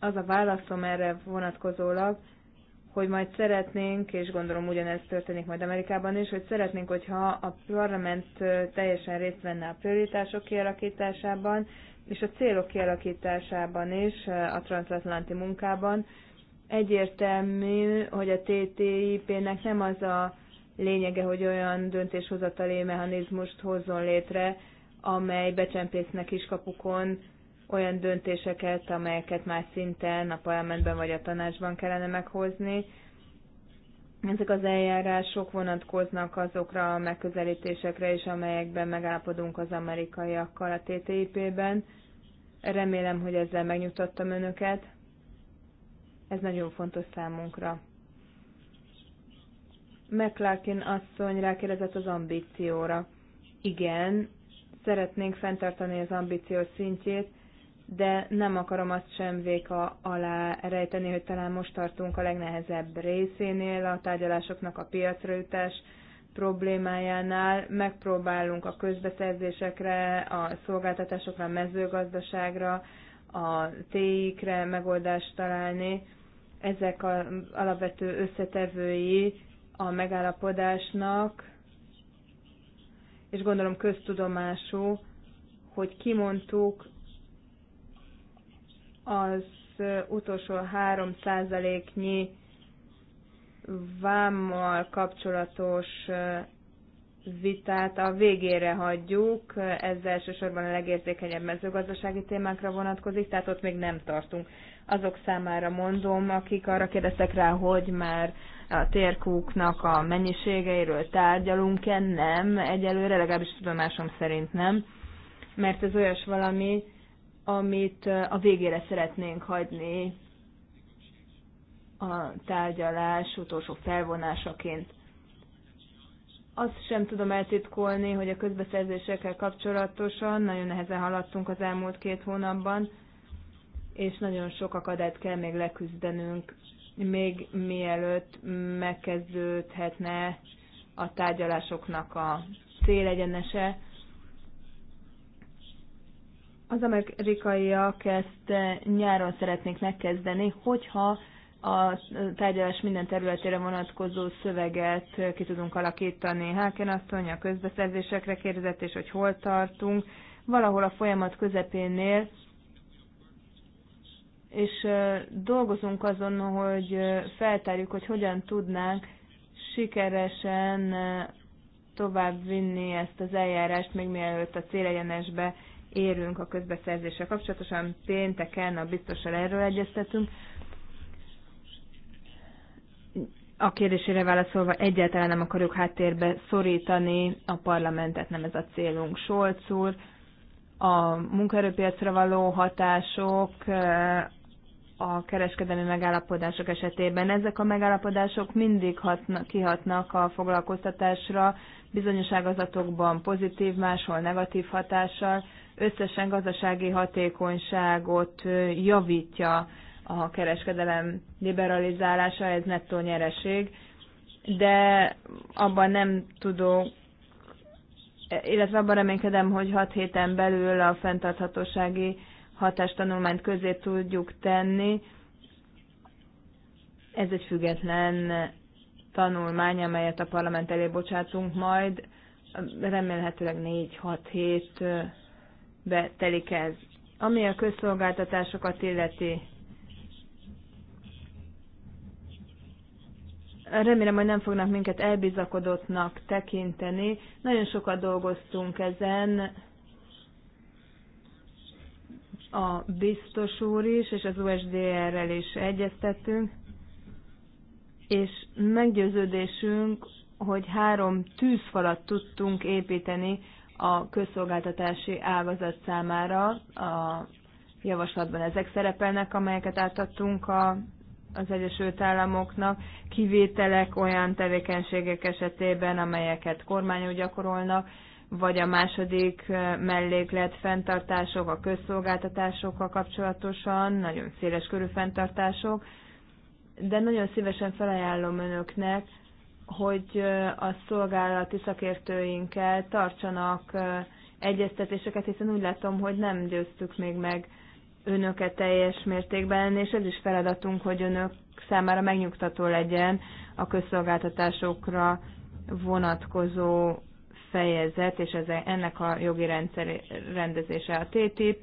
az a válaszom erre vonatkozólag, hogy majd szeretnénk, és gondolom ugyanez történik majd Amerikában is, hogy szeretnénk, hogyha a parlament teljesen részt venne a prioritások kialakításában, és a célok kialakításában is, a transatlanti munkában. Egyértelmű, hogy a TTIP-nek nem az a lényege, hogy olyan döntéshozatali mechanizmust hozzon létre, amely becsempésznek is kapukon olyan döntéseket, amelyeket már szinten a parlamentben vagy a tanácsban kellene meghozni. Ezek az eljárások vonatkoznak azokra a megközelítésekre is, amelyekben megállapodunk az amerikaiakkal a TTIP-ben. Remélem, hogy ezzel megnyugtattam önöket. Ez nagyon fontos számunkra. McClarkin asszony rákérdezett az ambícióra. Igen, szeretnénk fenntartani az ambíció szintjét, de nem akarom azt sem véka alá rejteni, hogy talán most tartunk a legnehezebb részénél a tárgyalásoknak a piacra jutás problémájánál. Megpróbálunk a közbeszerzésekre, a szolgáltatásokra, a mezőgazdaságra, a TI-kre megoldást találni. Ezek az alapvető összetevői a megállapodásnak, és gondolom köztudomású, hogy kimondtuk az utolsó 3 százaléknyi vámmal kapcsolatos vitát a végére hagyjuk. Ez elsősorban a legérzékenyebb mezőgazdasági témákra vonatkozik, tehát ott még nem tartunk. Azok számára mondom, akik arra kérdeztek rá, hogy már a térkúknak a mennyiségeiről tárgyalunk-e, nem, egyelőre legalábbis tudomásom szerint nem, mert ez olyas valami, amit a végére szeretnénk hagyni a tárgyalás utolsó felvonásaként. Azt sem tudom eltitkolni, hogy a közbeszerzésekkel kapcsolatosan nagyon nehezen haladtunk az elmúlt két hónapban, és nagyon sok akadályt kell még leküzdenünk, még mielőtt megkezdődhetne a tárgyalásoknak a célegyenese. Az amerikaiak ezt eh, nyáron szeretnék megkezdeni, hogyha a eh, tárgyalás minden területére vonatkozó szöveget eh, ki tudunk alakítani. Háken asszony a közbeszerzésekre kérdezett, és hogy hol tartunk. Valahol a folyamat közepénél, és dolgozunk azon, hogy feltárjuk, hogy hogyan tudnánk sikeresen tovább vinni ezt az eljárást, még mielőtt a célegyenesbe érünk a közbeszerzéssel kapcsolatosan. Pénteken a biztosan erről egyeztetünk. A kérdésére válaszolva egyáltalán nem akarjuk háttérbe szorítani a parlamentet, nem ez a célunk. Solc úr, a munkaerőpiacra való hatások, a kereskedelmi megállapodások esetében. Ezek a megállapodások mindig hatnak, kihatnak a foglalkoztatásra, bizonyos ágazatokban pozitív, máshol negatív hatással összesen gazdasági hatékonyságot javítja a kereskedelem liberalizálása, ez nettó nyereség, de abban nem tudok, illetve abban reménykedem, hogy 6 héten belül a fenntarthatósági hatástanulmányt közé tudjuk tenni. Ez egy független tanulmány, amelyet a parlament elé bocsátunk majd, remélhetőleg 4-6 hét telik ez. Ami a közszolgáltatásokat illeti, remélem, hogy nem fognak minket elbizakodottnak tekinteni. Nagyon sokat dolgoztunk ezen, a biztos úr is, és az USDR-rel is egyeztettünk, és meggyőződésünk, hogy három tűzfalat tudtunk építeni a közszolgáltatási ágazat számára. A javaslatban ezek szerepelnek, amelyeket átadtunk a az Egyesült Államoknak, kivételek olyan tevékenységek esetében, amelyeket kormányok gyakorolnak, vagy a második eh, melléklet fenntartások a közszolgáltatásokkal kapcsolatosan, nagyon széles körű fenntartások, de nagyon szívesen felajánlom önöknek, hogy a szolgálati szakértőinkkel tartsanak egyeztetéseket, hiszen úgy látom, hogy nem győztük még meg önöket teljes mértékben, és ez is feladatunk, hogy önök számára megnyugtató legyen a közszolgáltatásokra vonatkozó fejezet, és ez, ennek a jogi rendszer, rendezése a TTIP.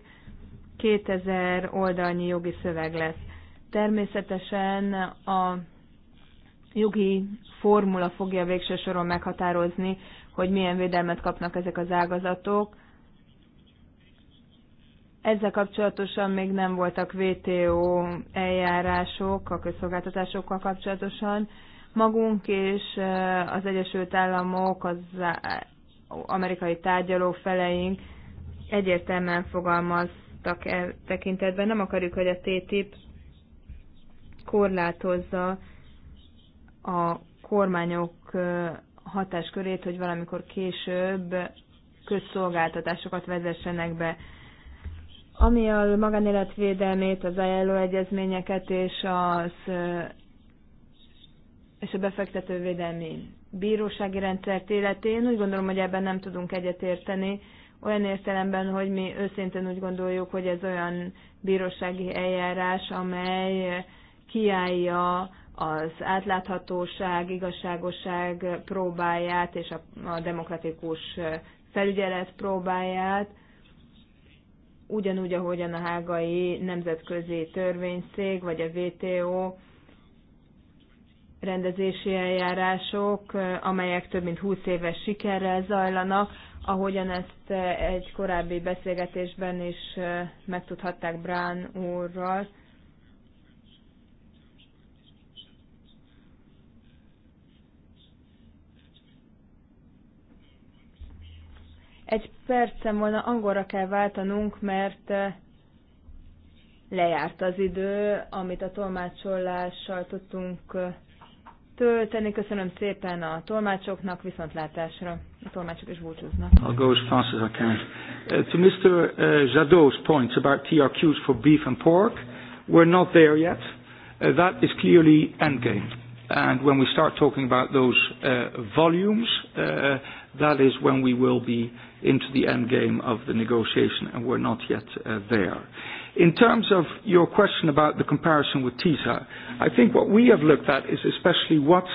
2000 oldalnyi jogi szöveg lesz. Természetesen a jogi formula fogja végső soron meghatározni, hogy milyen védelmet kapnak ezek az ágazatok. Ezzel kapcsolatosan még nem voltak VTO eljárások a közszolgáltatásokkal kapcsolatosan. Magunk és eh, az Egyesült Államok, az eh, amerikai tárgyaló feleink egyértelműen fogalmaztak el tekintetben. Nem akarjuk, hogy a TTIP korlátozza a kormányok hatáskörét, hogy valamikor később közszolgáltatásokat vezessenek be. Ami a magánéletvédelmét, az ajánló egyezményeket és, az, és a befektetővédelmi bírósági rendszert életén, úgy gondolom, hogy ebben nem tudunk egyetérteni, olyan értelemben, hogy mi őszintén úgy gondoljuk, hogy ez olyan bírósági eljárás, amely kiállja az átláthatóság, igazságosság próbáját és a, demokratikus felügyelet próbáját, ugyanúgy, ahogyan a hágai nemzetközi törvényszék vagy a WTO rendezési eljárások, amelyek több mint 20 éves sikerrel zajlanak, ahogyan ezt egy korábbi beszélgetésben is eh, megtudhatták Brán úrral, Egy percem volna angolra kell váltanunk, mert eh, lejárt az idő, amit a tolmácsolással tudtunk eh, tölteni. Köszönöm szépen a tolmácsoknak, viszontlátásra. A tolmácsok is búcsúznak. I'll go as fast as I can. Uh, to Mr. Uh, Jadot's points about TRQs for beef and pork, we're not there yet. Uh, that is clearly endgame. And when we start talking about those uh, volumes, uh, that is when we will be into the end game of the negotiation, and we're not yet uh, there. In terms of your question about the comparison with TISA, I think what we have looked at is especially what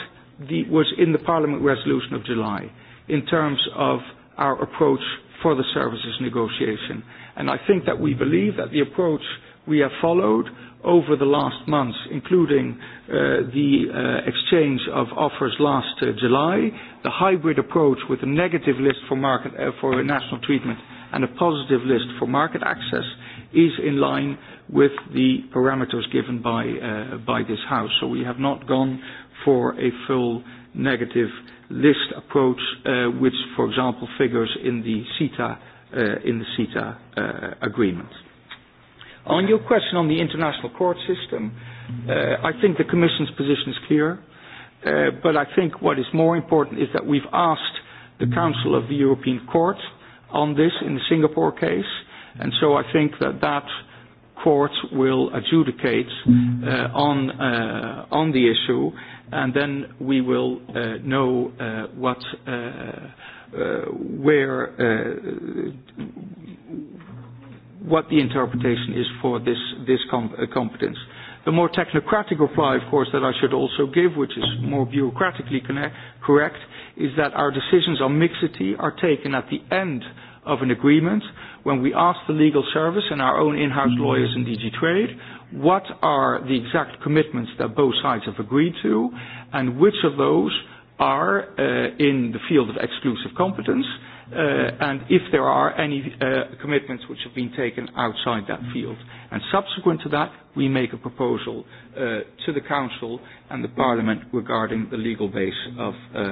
the, was in the Parliament resolution of July in terms of our approach for the services negotiation. And I think that we believe that the approach we have followed over the last months, including uh, the uh, exchange of offers last uh, July the hybrid approach with a negative list for, market, uh, for national treatment and a positive list for market access is in line with the parameters given by, uh, by this House. So we have not gone for a full negative list approach, uh, which, for example, figures in the CETA, uh, in the CETA uh, agreement. On your question on the international court system, uh, I think the Commission's position is clear. Uh, Uh, but I think what is more important is that we've asked the Council of the European Court on this in the Singapore case, and so I think that that court will adjudicate uh, on uh, on the issue, and then we will uh, know uh, what uh, uh, where uh, what the interpretation is for this this com- uh, competence the more technocratic reply, of course, that I should also give, which is more bureaucratically connect, correct, is that our decisions on mixity are taken at the end of an agreement when we ask the legal service and our own in-house lawyers in DG Trade what are the exact commitments that both sides have agreed to and which of those are uh, in the field of exclusive competence uh, and if there are any uh, commitments which have been taken outside that field. And subsequent to that, we make a proposal uh, to the Council and the Parliament regarding the legal base of, uh,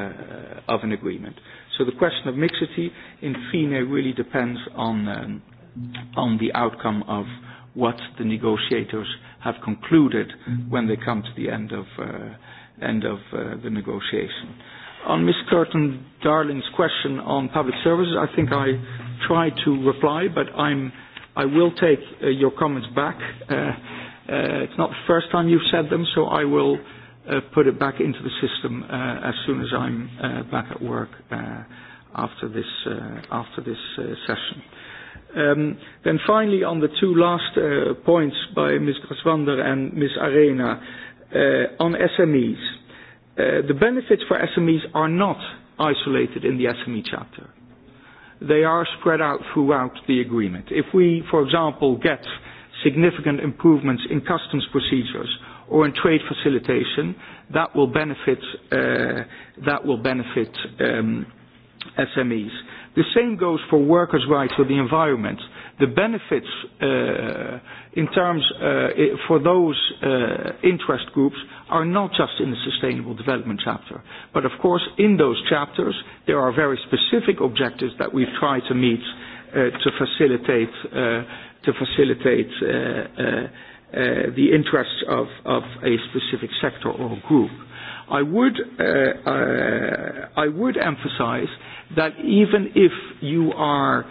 of an agreement. So the question of mixity in FINE really depends on, um, on the outcome of what the negotiators have concluded when they come to the end of, uh, end of uh, the negotiation. On Ms. Curtin Darling's question on public services, I think I tried to reply, but I'm, I will take uh, your comments back. Uh, uh, it's not the first time you've said them, so I will uh, put it back into the system uh, as soon as I'm uh, back at work uh, after this, uh, after this uh, session. Um, then finally, on the two last uh, points by Ms. Graswander and Ms. Arena uh, on SMEs. Uh, the benefits for SMEs are not isolated in the SME chapter. They are spread out throughout the agreement. If we, for example, get significant improvements in customs procedures or in trade facilitation, that will benefit, uh, that will benefit um, SMEs. The same goes for workers' rights or the environment. The benefits uh, in terms uh, for those uh, interest groups are not just in the Sustainable Development chapter, but of course in those chapters there are very specific objectives that we've tried to meet uh, to facilitate uh, to facilitate uh, uh, uh, the interests of, of a specific sector or group. I would uh, uh, I would emphasize that even if you are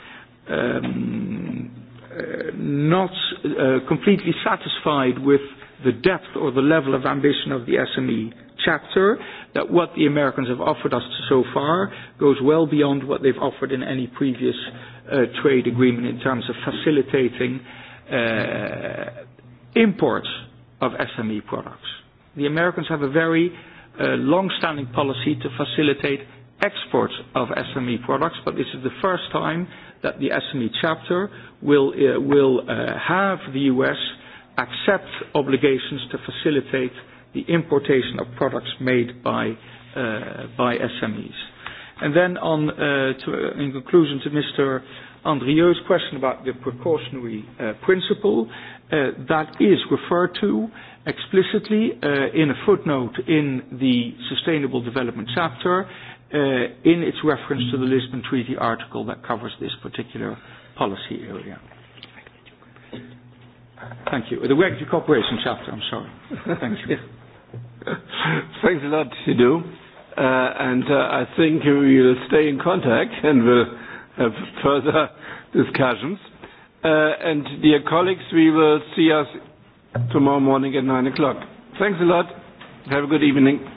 um, uh, not uh, completely satisfied with uh, the depth or the level of ambition of the SME chapter, that what the Americans have offered us so far goes well beyond what they've offered in any previous uh, trade agreement in terms of facilitating uh, imports of SME products. The Americans have a very uh, long-standing policy to facilitate exports of SME products, but this is the first time that the SME chapter will, uh, will uh, have the U.S accept obligations to facilitate the importation of products made by, uh, by SMEs. And then on, uh, to, uh, in conclusion to Mr. Andrieux's question about the precautionary uh, principle, uh, that is referred to explicitly uh, in a footnote in the Sustainable Development chapter uh, in its reference to the Lisbon Treaty article that covers this particular policy area. Thank you. The Regulatory Cooperation chapter, I'm sorry. Thank you. Thanks a lot, Sidhu. Uh, and uh, I think we'll stay in contact and we'll have further discussions. Uh, and dear colleagues, we will see us tomorrow morning at 9 o'clock. Thanks a lot. Have a good evening.